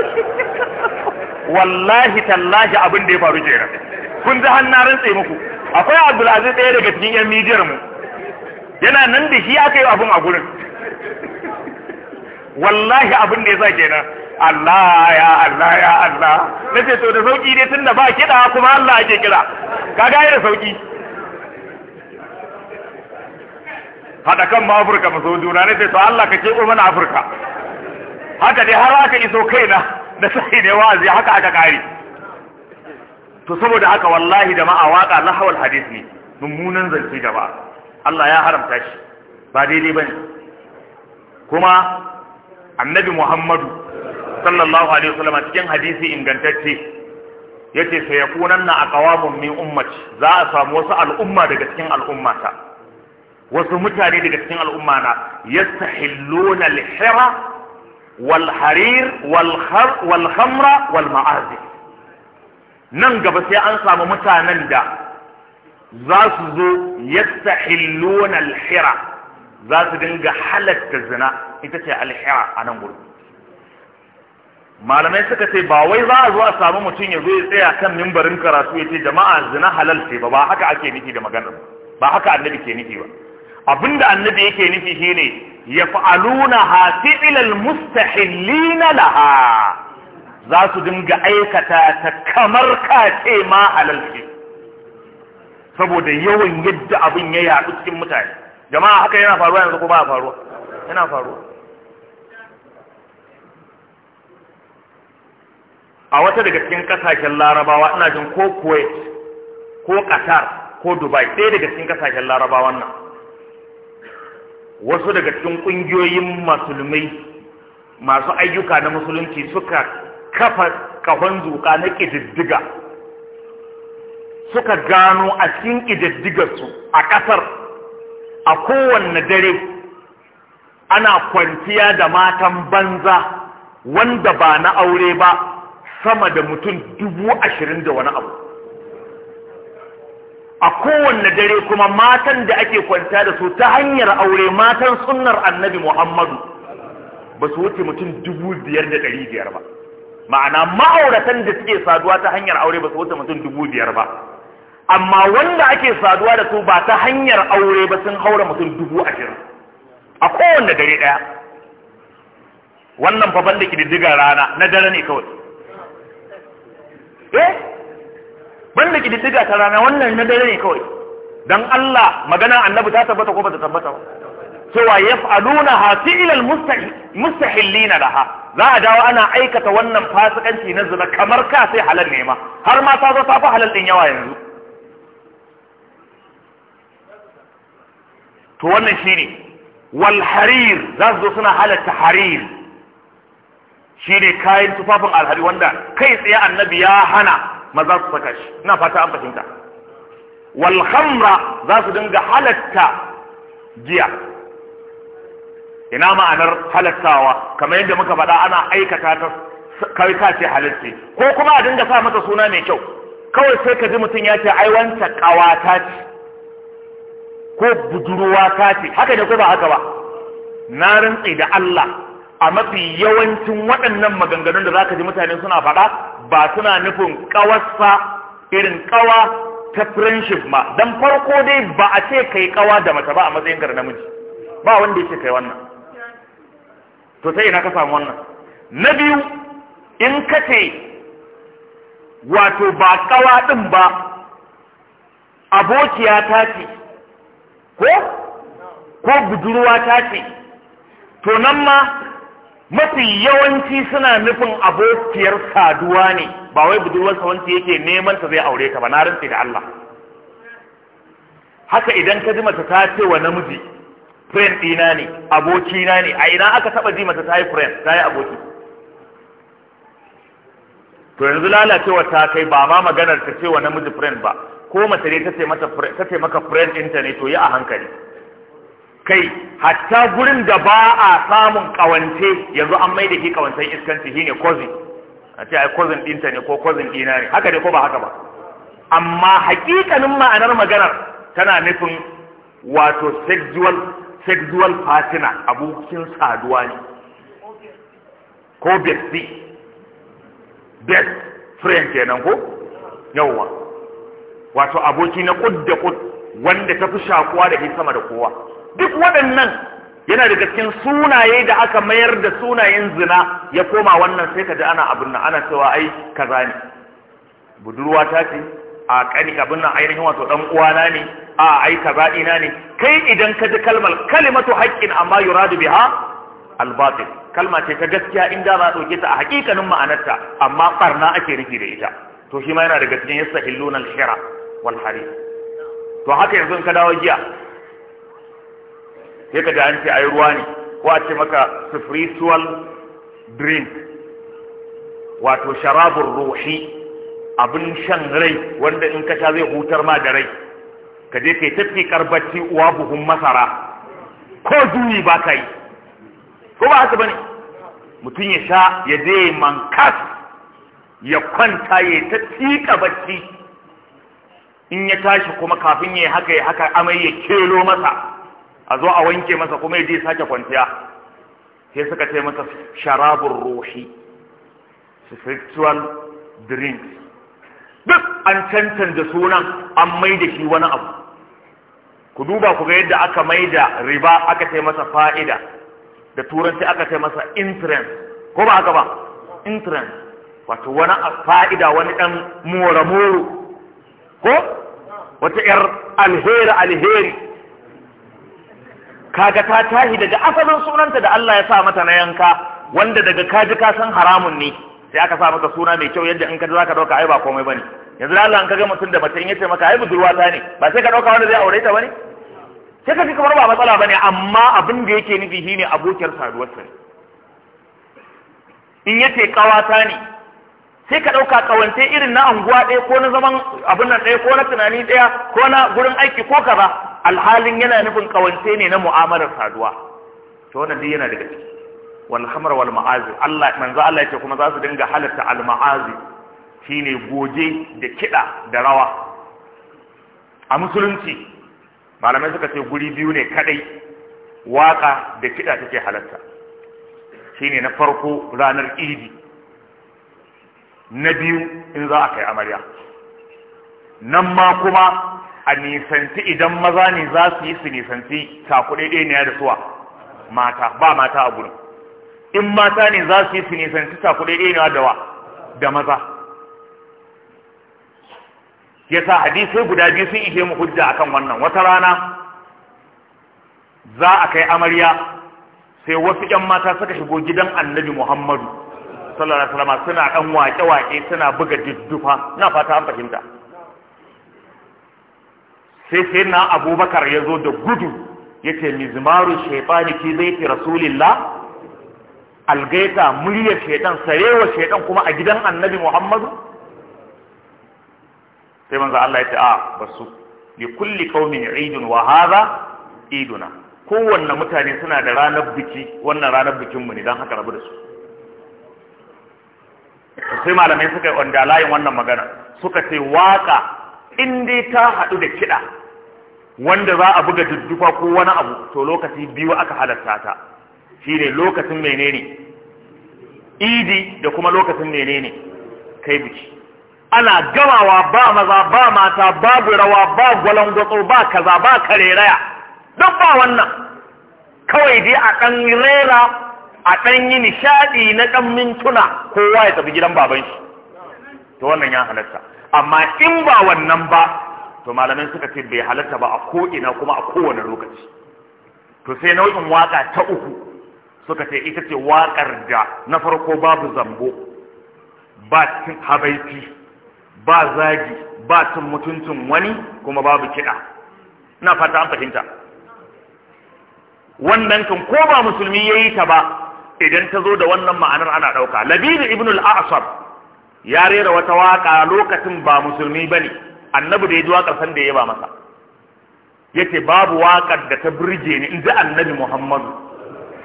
*laughs* wallahi tallahi abin da ya faru kenan kun ji hannarin tsaye muku akwai abdulaziz ɗaya daga cikin yan midiyar mu yana nan da shi aka yi abin a gurin wallahi abin da ya sa kenan Allah ya Allah ya Allah na ce to da sauki dai tunda ba kida kuma Allah yake kira ka gaya da sauki haɗa kan ma Afirka maso juna na ce to Allah ka keɓo mana Afirka haka dai har aka iso kaina na sai ne wa'azi haka aka kare to saboda haka wallahi ma'a waka lahawal hadith ne mummunan zance gaba. Allah ya haramta shi ba daidai bane kuma annabi muhammadu sallallahu alaihi wasallam cikin hadisi ingantacce yace sai ya kunan na aqawamun min ummati za a samu wasu al'umma daga cikin al'ummata wasu mutane daga cikin al'umma na yastahilluna al-hira wal harir wal khamra wal ma'azi nan gaba sai an samu mutanen da za su zo yastahilluna al-hira za su dinga halatta zina ita ce alhira a nan gudu malamai suka ce ba wai za a zo a samu mutum ya zo ya tsaya kan mimbarin karatu ya ce jama'a zina halal ce ba ba haka ake nufi da magana ba haka annabi ke nufi ba abinda annabi yake nufi shine yaf'aluna ha ilal mustahillina laha za su dinga aikata ta kamar ce ma halal ce saboda yawan yadda abin ya yaɗu cikin mutane jama'a haka yana faruwa yanzu ko ba faruwa yana faruwa a wata daga cikin kasashen larabawa ina jin ko kuwait ko qatar ko dubai ɗaya daga cikin kasashen larabawan nan wasu daga cikin ƙungiyoyin musulmai masu ayyuka na musulunci suka kafa kahon zuƙa na ƙididdiga suka gano a cikin ƙididdigarsu a ƙasar a kowanne dare ana kwanciya da matan banza wanda ba na aure ba sama da mutum dubu ashirin da wani abu a kowanne dare kuma matan da ake kwanciya da su ta hanyar aure matan sunnar annabi muhammadu ba su wuce mutum dubu biyar da ɗari biyar ba ma'ana ma'auratan da suke saduwa ta hanyar aure ba su wuce mutum dubu biyar ba amma wanda ake saduwa da su ba ta hanyar aure ba sun haura mutum dubu a ashirin a kowanne dare ɗaya wannan faban da ƙididdigar rana na dare ne kawai eh banda ƙididdiga ta rana wannan na dare ne kawai don Allah magana annabi ta tabbata ko ba ta tabbata ba cewa yaf'aluna ha fi'lal da ha, za a dawo ana aikata wannan fasikanci na zina kamar ka sai halal nema. har ma ta zo ta fi halal ɗin yawa yanzu to wannan shine wal harir za su zo suna halatta harir shine kayan tufafin alhari wanda kai tsaye annabi ya hana maza su saka shi ina fata an fahimta walhamra za su dinga halatta giya ina ma'anar halattawa kamar yadda muka faɗa ana aikata ta ka ce halatta ko kuma a dinga sa mata suna mai kyau kawai sai ka ji mutum ya ce ai wancan kawata ce ko budurwa ka ce haka ne ko ba haka ba na rantsi da Allah a mafi yawancin waɗannan maganganun da za ka ji mutane suna faɗa ba suna nufin ƙawarsa irin ƙawa ta friendship ma don farko dai ba a ce kai ƙawa da mace ba a matsayin gar namiji ba wanda ya ce kai wannan to sai ina ka samu wannan na biyu in ka ce wato ba ƙawa ɗin ba abokiya ta ce ko ko budurwa ta ce to nan ma mafi yawanci suna nufin abokiyar saduwa ne ba wai budurwarsa wanda yake neman ta zai aure ta ba na rantsi da Allah haka idan ka ji mace ta ce wa namiji friend dina ne abokina ne a ina aka taɓa ji mace ta yi friend ta yi aboki to yanzu lalacewa ta kai ba ma maganar ta ce wa namiji friend ba ko mace ne ta ce maka friend internet to yi a hankali kai hatta gurin da ba a samun ƙawance yanzu an mai da ke ƙawancen iskanci shi ne cousin a ce ai cousin ɗinta ne ko cousin dina ne haka ne ko ba haka ba amma haƙiƙanin ma'anar maganar tana nufin wato sexual sexual partner abokin saduwa ne ko best friend kenan ko yawwa wato aboki na kud da kud wanda ta fi shakuwa da ke sama da kowa duk waɗannan yana daga cikin sunaye da aka mayar da sunayen zina ya koma wannan sai ka ji ana abin nan ana cewa ai kaza ne budurwa ta ce a kani abin nan ainihin wato dan uwana ne a ai kaza ina ne kai idan ka ji kalmar kalimatu haqqin amma yuradu biha al kalma ce ta gaskiya in da ba a ta a hakikanin ma'anarta amma barna ake nufi da ita to shi ma yana daga cikin yastahilluna al-hira wani hari to haka yanzu ka dawo giya sai ka da an ce ai ruwa ne ko a ce maka spiritual drink wato sharabun ruhi abin shan rai wanda in ka sha zai hutar ma da rai ka je kai tafi bacci uwa buhun masara ko duni ba ka yi ko ba haka bane mutum ya sha ya je mankas ya kwanta ya ta tika bacci in ya tashi kuma kafin ya haka ya haka amai ya kelo masa a zo a wanke masa kuma ya je sake kwanciya sai suka ce masa sharabun roshi, spiritual drinks duk an cancanta sunan an mai da shi wani abu ku duba ku ga yadda aka mai da riba aka ce masa fa'ida da turanci aka ce masa entrance. ko ba haka ba entrance. wato wani fa'ida wani ɗan more-more ko wata yar alheri alheri kaga ta tahi daga asalin sunanta da Allah ya sa mata na yanka wanda daga kaji ka san haramun ne sai aka sa mata suna mai kyau yadda in ka zaka dauka ai ba komai bane yanzu Allah an kaga mutum da mace in yace maka ai budurwa ta ne ba sai ka dauka wanda zai aure ta bane sai ka ji kamar ba matsala bane amma abin da yake nufi shine abokiyar saduwar ta in yace kawata ne sai ka ɗauka ƙawance irin na unguwa ɗaya ko na zaman abin nan ɗaya ko na tunani ɗaya ko na gurin aiki ko ka ba. alhalin yana nufin ƙawance ne na mu'amalar saduwa to wannan duk yana daga ciki wal hamar wal ma'azi Allah manzo Allah yake kuma za su dinga halatta al ma'azi shine goje da kiɗa da rawa a musulunci malamai suka ce guri biyu ne kadai waka da kiɗa take halatta shine na farko ranar idi na biyu in za a kai amarya nan ma kuma a nisanci idan maza ne za su yi su nisanti cakuɗaɗɗeniya da suwa mata ba mata a gudun in mata ne za su yi su nisanti ɗaya da wa da maza Ya sa hadisai guda biyu sun ishe mu hujja akan wannan wata rana za a kai amarya sai wasu 'yan mata suka shigo gidan annabi muhammadu sallallahu alaihi wasallam suna dan wake-wake suna buga duddufa na fata an fahimta sai sai na abubakar ya zo da gudu ya ce mizmaru shaifani zai fi rasulillah algaita muryar shaitan sarewa shaitan kuma a gidan annabi muhammadu sai manzo Allah ya ce a basu li kulli qaumin idun wa hadha iduna kowanne mutane suna da ranar biki wannan ranar bikinmu ne don haka rabu da su sai malamai suka yi wanda layin wannan magana suka ce waka in ta haɗu da kiɗa wanda za a buga duddufa ko wani abu to lokaci biyu aka halarta ta Shi ne lokacin menene idi da kuma lokacin menene kai biki ana gamawa ba maza ba mata ba rawa ba gwalangwatso ba kaza ba kareraya don ba wannan kawai dai a ɗan rera a ɗan yi nishaɗi na ɗan mintuna kowa ya tafi gidan baban shi to wannan ya halatta amma in ba wannan ba to malamai suka ce bai halatta ba a ko'ina kuma a kowane lokaci to sai nau'in waka ta uku suka ce ita ce waƙar da na farko babu zambo ba cin habaiti ba zagi ba cin mutuncin wani kuma babu kiɗa ina fata an fahimta wannan kan ko ba musulmi ya yi ta ba idan ta zo da wannan ma'anar ana ɗauka labidu ibn al-asab ya rera wata waka lokacin ba musulmi bane annabi da ya ji wakar san da ya ba masa yace babu wakar da ta burge ni inda annabi muhammadu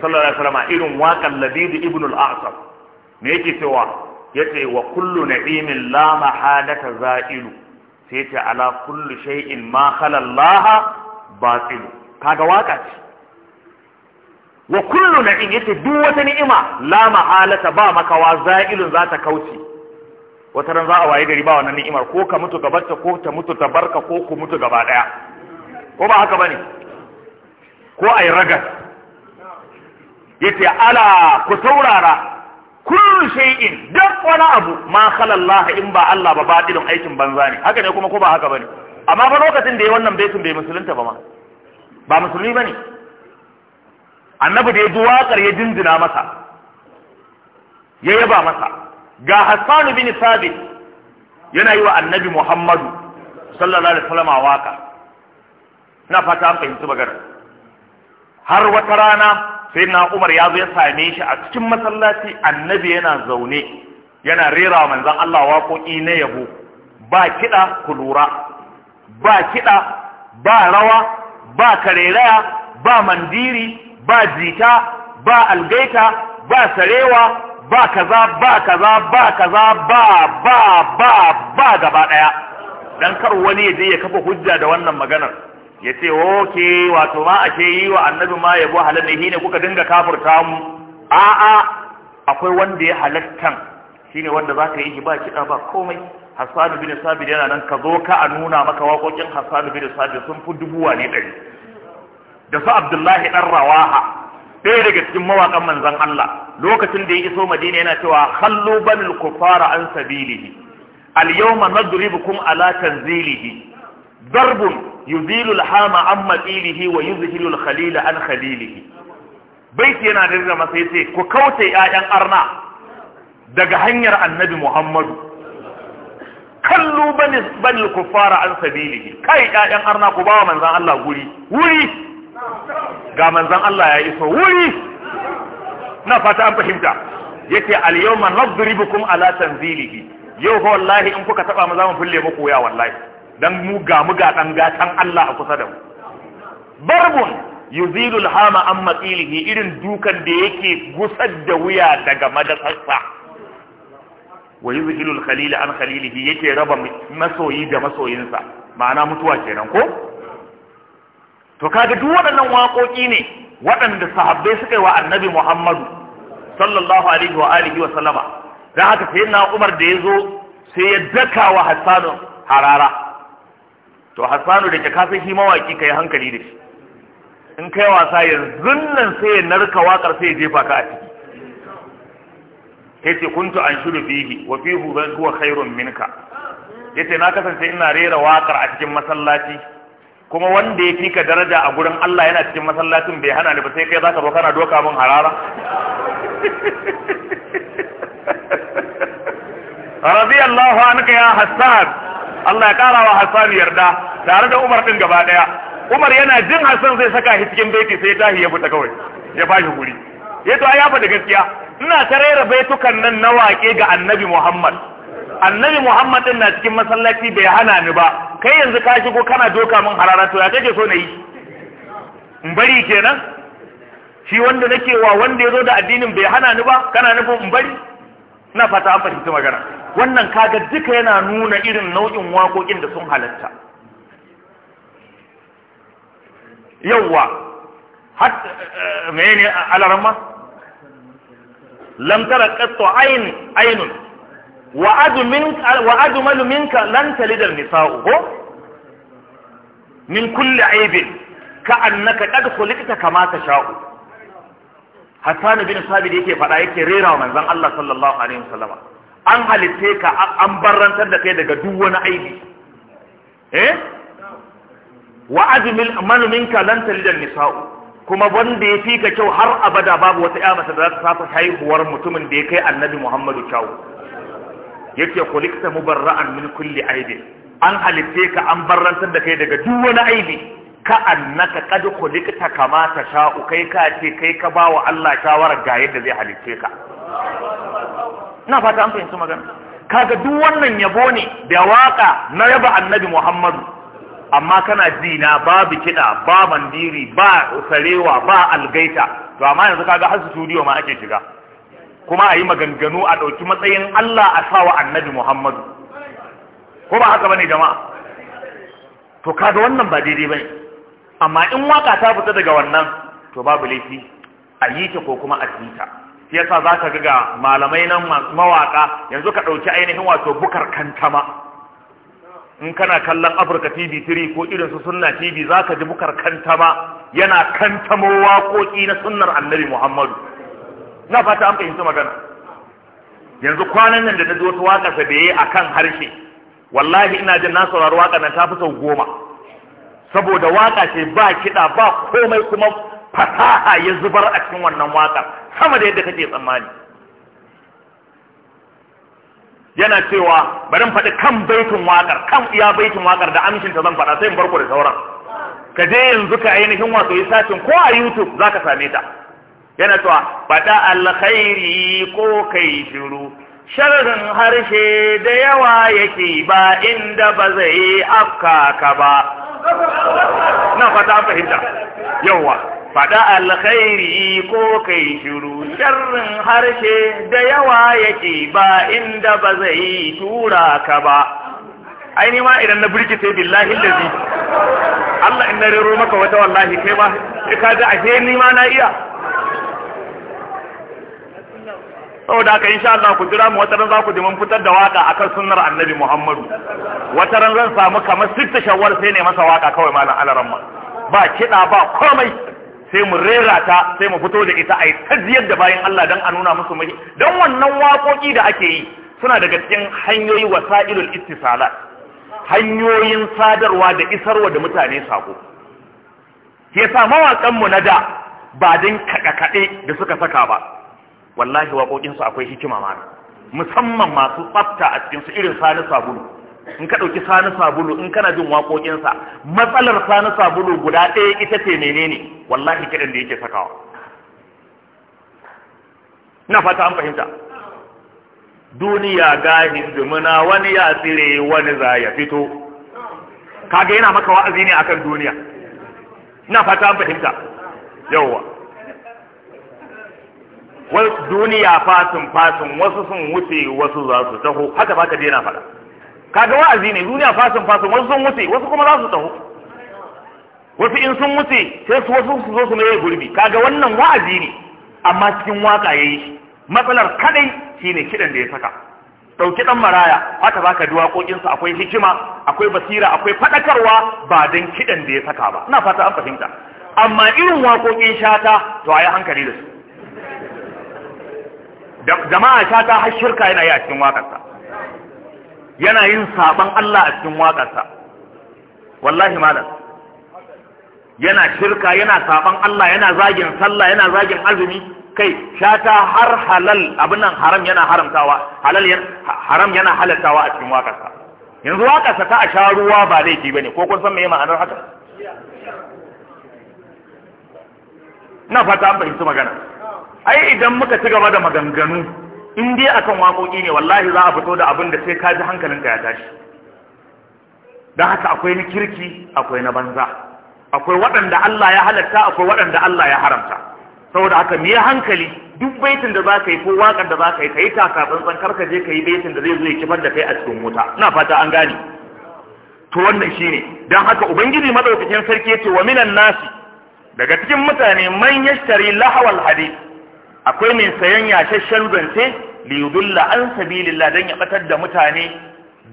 sallallahu alaihi wasallam irin wakar labidu ibn al-asab me yake cewa yace wa kullu na'imin la mahadata za'ilu sai ta ala kullu shay'in ma khala Allah batil kaga waka ce wa kullu na'im yace duk wata ni'ima la mahalata ba makawa za'ilun za ta kauce wata ran za a waye gari ba wannan ni'imar ko ka mutu gabata, ko ta mutu tabarka, ko ku mutu gaba daya ko ba haka bane ko ai ragas yace ala ku saurara kullu shay'in duk wani abu ma khala Allah in ba Allah ba badilun aikin banza ne haka ne kuma ko ba haka bane amma ba lokacin da ya wannan baitin bai musulunta ba ma ba musulmi bane annabi da ya ji waƙar ya jinjina masa ya yaba masa ga Hassan bin Sabit yana yi wa annabi Muhammadu sallallahu alaihi wasallam waƙa ina fata an fahimci magana har wata rana sai na Umar ya zo ya same shi a cikin masallaci annabi yana zaune yana rera manzon Allah waƙoƙi na yabo ba kiɗa ku lura ba kiɗa ba rawa ba kareraya ba mandiri ba zita, ba algaita ba sarewa ba kaza ba kaza ba kaza ba ba ba ba gaba daya dan kar wani ya je ya kafa hujja da wannan maganar ya ce oke wato ma ake yi wa annabi ma yabo halal ne ne kuka dinga kafirta mu a'a akwai wanda ya halattan shine wanda zaka yi ba kida ba komai Hassan bin Sabir yana nan ka zo ka a nuna maka waƙoƙin Hassan bin Sabir sun fi dubuwa ne ɗari da su abdullahi dan rawaha ɗaya daga cikin mawaƙan manzan Allah lokacin da ya iso madina yana cewa hallu banil kufara an sabilihi al yawma nadribukum ala tanzilihi darbun yuzilu al hama an matilihi wa yuzhilu al khalila an khalilihi baiti yana da masa yace ku kauce ƴaƴan arna daga hanyar annabi Muhammadu kallu bani kufara an sabilihi kai ƴaƴan arna ku bawa manzon Allah guri wuri ga manzan Allah ya iso wuri na fata an fahimta yace al yawma nadribukum ala tanzilihi yau fa wallahi in kuka taba mu za mu fulle muku ya wallahi dan mu ga mu ga dan gatan Allah a kusa da mu barbun yuzilul hama an matsilihi irin dukan da yake gusar da wuya daga madasarsa wa yuzilul khalil an khalilihi yake raba masoyi da masoyinsa ma'ana mutuwa kenan ko to kaga duk waɗannan waƙoƙi ne waɗanda sahabbai suka yi wa annabi Muhammadu sallallahu alaihi wa alihi wa sallama dan haka sai na Umar da yazo sai ya daka wa harara to Hassanu da ke ka san shi mawaki kai hankali da shi in kai wasa yanzu nan sai ya narka waƙar sai ya jefa ka a ciki yace kuntu an shuru fihi wa fihi huwa khairun minka yace na kasance ina rera waƙar a cikin masallaci kuma wanda ya fika daraja a gurin Allah yana cikin masallacin bai hana ni ba sai kai zaka zo kana doka mun harara radiyallahu anka ya Hassan Allah ya kara wa Hassan yarda tare da Umar din gaba daya Umar yana jin Hassan zai saka shi cikin baiti sai tahi ya fita kawai ya bashi guri yato ya faɗi gaskiya ina tarera baitukan nan na waƙe ga Annabi Muhammad Annabi Muhammad din na cikin masallaci bai hana ni ba kai yanzu ka shigo kana doka min harara to ya kake so na yi in bari kenan shi wanda nake wa wanda ya zo da addinin bai hana ni ba kana nufin in bari na fata an fahimci magana wannan kaga duka yana nuna irin nau'in waƙoƙin da sun halatta yawwa hat eh, menene alarma lam tara qattu aynun Wa'adu maluminka minka lan talidal nisa'u ko min kulle aibin ka annaka qad khuliqta kamata sha'u. Hassan bin Sabit yake faɗa yake rera wa manzon Allah sallallahu alaihi wasallama an halitte ka an barrantar da kai daga duk wani aibi eh Wa'adu maluminka amanu minka lan talidan nisa'u kuma wanda ya fi ka kyau har abada babu wata ƴa mace da za ta saka haihuwar mutumin da ya kai annabi Muhammadu kyau yace kulikta mubarra'an min kulli aibi an halitte ka an barrantar da kai daga duk wani aibi ka annaka qad kulikta kama ta sha'u kai ka ce kai ka bawa Allah shawara ga yadda zai halitte ka ina fata an fahimci magana kaga duk wannan yabo ne da waka na yaba annabi Muhammadu amma kana zina babu kiɗa ba mandiri ba sarewa ba algaita to amma yanzu kaga har studio ma ake shiga kuma a yi maganganu a ɗauki matsayin Allah a sawa annabi Muhammadu ko ba haka ba ne jama'a to kaga wannan ba daidai ne. amma in waka ta fita daga wannan to babu laifi a yi ta ko kuma a yi ta shi yasa za ka ga malamai nan masu mawaka yanzu ka ɗauki ainihin wato bukar kantama in kana kallon Afirka TV 3 ko irin su Sunna TV za ka ji bukar kantama yana kantamo waƙoƙi na sunnar Annabi Muhammadu na fata an fahimci magana yanzu kwanan nan da na ji wata waka sa da yayi akan harshe wallahi ina jin na saurari waka nan ta fi sau goma saboda waka ce ba kiɗa ba komai kuma fasaha ya zubar a cikin wannan waka sama da yadda kake tsammani yana cewa bari in faɗi kan baitin wakar kan iya baitin wakar da amshin zan faɗa sai in barko da sauran ka je yanzu ka ainihin wato yi sashin, ko a YouTube za ka same ta yana cewa faɗa alkhairi ko kai shiru sharrin harshe da yawa yake ba inda ba zai afka ka ba na fata fahimta yawa faɗa alkhairi ko kai shiru sharrin harshe da yawa yake ba inda ba zai tura ka ba aini ma idan na birkice billahi lazi Allah in na rero maka wata wallahi kai ma ka ji ashe ni ma na iya sau aka yi insha Allah ku jira mu ran za ku ji fitar da waka kan sunar annabi Muhammadu ran zan samu kamar sifta shawar sai ne masa waka kawai malam alaramma ba kiɗa ba komai sai mu rera ta sai mu fito da ita a yi tajiyar da bayan Allah don a nuna musu mai don wannan waƙoƙi da ake yi suna daga cikin hanyoyi wasailul ittisalat hanyoyin sadarwa da isarwa da mutane sako ke sa mawakan mu na da ba din kaɗe-kaɗe da suka saka ba wallahi waƙoƙinsu akwai hikima ma musamman masu tsafta a cikinsu irin sani sabulu in ka ɗauki sani sabulu in kana jin waƙoƙinsa matsalar sani sabulu guda ɗaya ita ce menene wallahi kiɗan da yake sakawa na fata an fahimta duniya gahi, zumuna wani ya tsire wani za ya fito kaga yana maka wa'azi ne akan duniya na fata an fahimta yawwa wani duniya fasin fasin wasu sun wuce wasu za su taho haka ba ka daina faɗa kaga wa'azi ne duniya fasin fasin wasu sun wuce wasu kuma za su taho wasu in sun wuce sai su wasu su zo su mai gurbi kaga wannan wa'azi ne amma cikin waka yayi shi matsalar kadai shine kidan da ya saka dauki dan maraya haka baka duwa kokinsa akwai hikima akwai basira akwai fadakarwa ba dan kidan da ya saka ba ina fata an fahimta amma irin waƙoƙin shata to a yi hankali da su jama'a shata har shirka yana yi a cikin waƙarsa yana yin sabon Allah a cikin waƙarsa wallahi malam yana shirka yana sabon Allah yana zagin sallah yana zagin azumi kai shata har halal abin nan haram yana haramtawa halal haram yana halattawa a cikin waƙarsa yanzu waƙarsa ta a sha ruwa ba laifi bane ko kun san me ma'anar haka na fata an fahimci magana ai idan muka ci gaba da maganganu in dai akan wakoki ne wallahi za a fito da abin da sai ka ji hankalinka ya tashi don haka akwai na kirki akwai na banza akwai waɗanda Allah ya halatta akwai waɗanda Allah ya haramta saboda haka me hankali duk baitin da za yi ko waƙar da za ka yi ka yi takatsantsan karka je ka yi baitin da zai zo ya kifar da kai a cikin wuta ina fata an gane to wannan shine Dan haka ubangiji madaukakin sarki yace wa minan nasi daga cikin mutane man yashtari lahawal hadith akwai mai sayan yashashshen zance li an sabilillah dan ya batar da mutane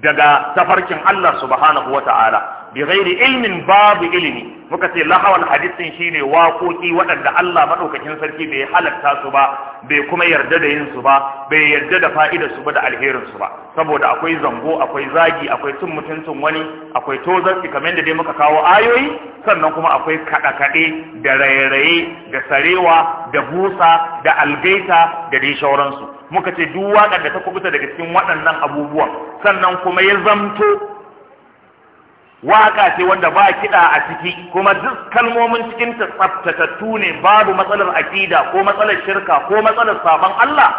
daga tafarkin Allah subhanahu wata'ala bi ghairi ilmin babu ilimi muka ce lahawal hadisin shine waƙoƙi waɗanda Allah madaukakin sarki bai halatta su ba bai kuma yarda da yin su ba bai yarda da fa'idar su ba da alherin su ba saboda akwai zango akwai zagi akwai cin mutuncin wani akwai ki kamar da dai muka kawo ayoyi sannan kuma akwai kaɗe-kaɗe da raye da sarewa da busa da algaita da dai shauransu muka ce duk waƙar da ta kubuta daga cikin waɗannan abubuwan sannan kuma ya zamto waka ce wanda ba kiɗa a ciki kuma duk kalmomin cikin ta tsaftatattu ne babu matsalar akida ko matsalar shirka ko matsalar sabon Allah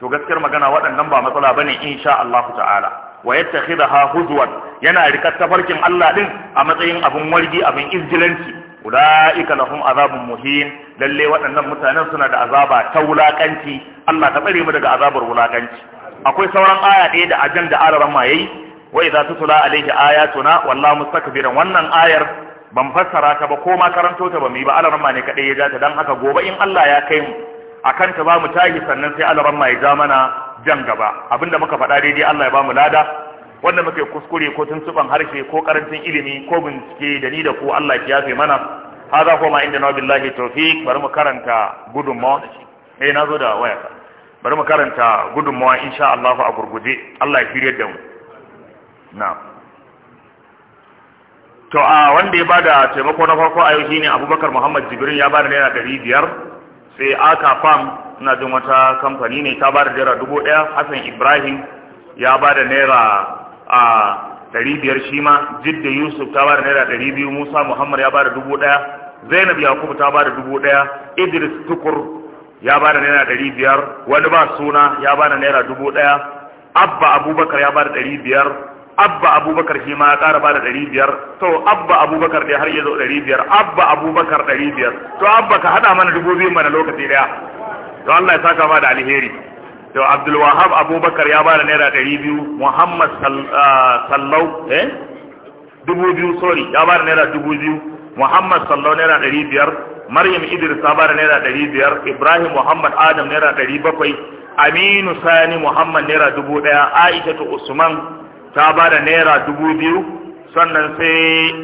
to gaskiyar magana waɗannan ba matsala bane insha Allah ta'ala wa yattakhidha huzwan yana rikar tafarkin Allah din a matsayin abun wargi abin izgilanci ulaika lahum azabun muhin lalle waɗannan mutanen suna da azaba ta wulakanci Allah ta tsare mu daga azabar wulakanci akwai sauran aya ɗaya da ajan da araran ma yayi wa idza tutla alayhi ayatuna wallahu mustakbiran wannan ayar ban fassara ta ba ko ma karanto ta ba mu yi ba alaramma ne kadai ya ja ta dan haka gobe in Allah ya kai mu akan ta bamu tahi sannan sai alaramma ya ja mana jan gaba abinda muka faɗa daidai Allah ya bamu lada wanda muka kuskure ko tuntuban harshe ko karancin ilimi ko bincike da ni da ku Allah ya yafe mana hada kuma inda na billahi tawfiq bari mu karanta gudunmawa eh nazo da waya bari mu karanta gudunmawa insha Allah a gurguje Allah ya firye da mu na to a wanda ya bada taimako na farko a yau shine abubakar muhammad jibril ya bada naira ɗari biyar sai aka fam ina jin wata kamfani ne ta bada naira dubu ɗaya hassan ibrahim ya bada naira a ɗari biyar shi ma jidda yusuf ta bada naira ɗari biyu musa muhammad ya bada dubu ɗaya zainab yakubu ta bada dubu ɗaya idris tukur ya bada naira ɗari biyar wani ba suna ya bada naira dubu ɗaya abba abubakar ya bada ɗari biyar abba abubakar shi ma ya ƙara ba da ɗari biyar to abba abubakar ɗaya har ya zo ɗari biyar abba abubakar ɗari biyar to abba ka haɗa mana dubu biyu mana lokaci ɗaya to Allah ya saka ma da alheri to Abdul Wahab Abubakar ya ba da naira ɗari biyu Muhammad ah, Sallau eh dubu biyu sorry ya ba da naira dubu biyu Muhammad Sallau naira ɗari biyar Maryam Idris ta ba da naira ɗari biyar Ibrahim Muhammad Adam naira ɗari bakwai Aminu Sani Muhammad naira dubu ɗaya Aisha ta Usman ta ba da naira dubu biyu sannan sai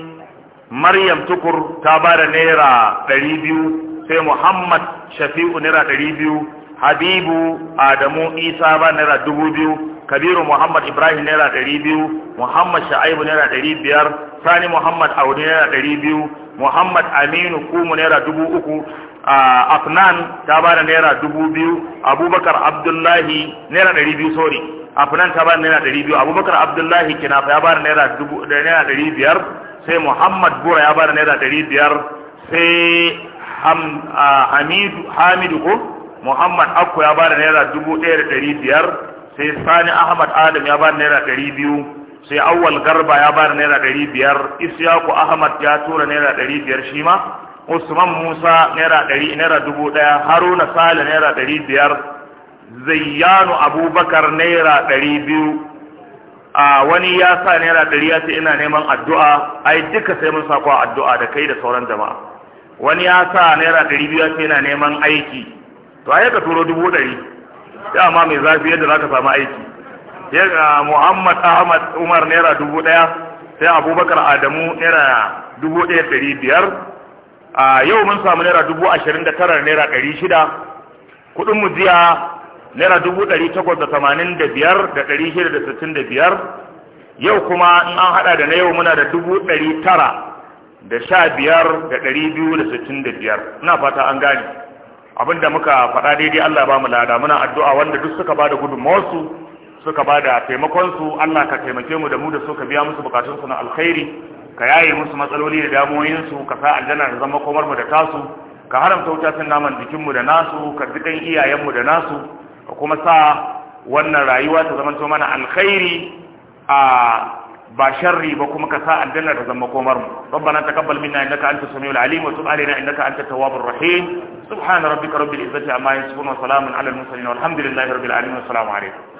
maryam tukur ta ba da naira ɗari biyu sai muhammad shafi'u naira ɗari biyu habibu adamu isa ba naira dubu biyu kabiru muhammad ibrahim naira ɗari biyu muhammad sha'aibu naira ɗari biyar sani muhammad audi naira ɗari biyu muhammad aminu kumu naira dubu uku afnan ta ba da naira dubu biyu abubakar abdullahi naira ɗari biyu sorry afnan ta ba da naira ɗari biyu abubakar abdullahi kinafa ya ba da naira ɗari biyar sai muhammad bura ya ba da naira ɗari biyar sai hamidu ko muhammad akko ya ba da naira dubu ɗaya da ɗari biyar sai sani ahmad adam ya ba da naira ɗari biyu sai awwal garba ya ba da naira ɗari biyar isyaku ahmad ya tura naira ɗari biyar shi ma usman musa naira ɗari naira dubu ɗaya haruna sale naira ɗari biyar zayyanu abubakar naira ɗari biyu a wani ya sa naira ɗari ya ce ina neman addu'a ai duka sai mun sako addu'a da kai da sauran jama'a wani ya sa naira ɗari biyu ya ce ina neman aiki to ai ka turo dubu ɗari ya amma mai zafi yadda za ka samu aiki ya muhammad ahmad umar naira dubu ɗaya sai abubakar adamu naira dubu ɗaya ɗari biyar a yau mun samu naira dubu ashirin da tara naira ɗari shida kuɗin mu jiya naira dubu ɗari takwas da tamanin da biyar da ɗari shida da sittin da biyar yau kuma in an haɗa da na yau muna da dubu ɗari tara da sha biyar da ɗari biyu da sittin da biyar ina fata an gane abin da muka faɗa daidai Allah ba mu lada muna addu'a wanda duk suka bada gudunmawarsu suka bada taimakonsu Allah ka taimake mu da mu da suka biya musu bukatunsu na alkhairi ka yaye musu matsaloli da damoyinsu ka sa aljanna da zama komar da tasu ka haramta wutacin naman jikinmu da nasu ka dukan iyayenmu da nasu ka kuma sa wannan rayuwa ta zama mana alkhairi a ba sharri ba kuma ka sa aljanna ta zama komar mu rabbana taqabbal minna innaka antas samiul alim wa tub alaina innaka antat tawwabur rahim subhana rabbika rabbil izzati amma yasifun wa salamun alal mursalin walhamdulillahi rabbil alamin assalamu alaikum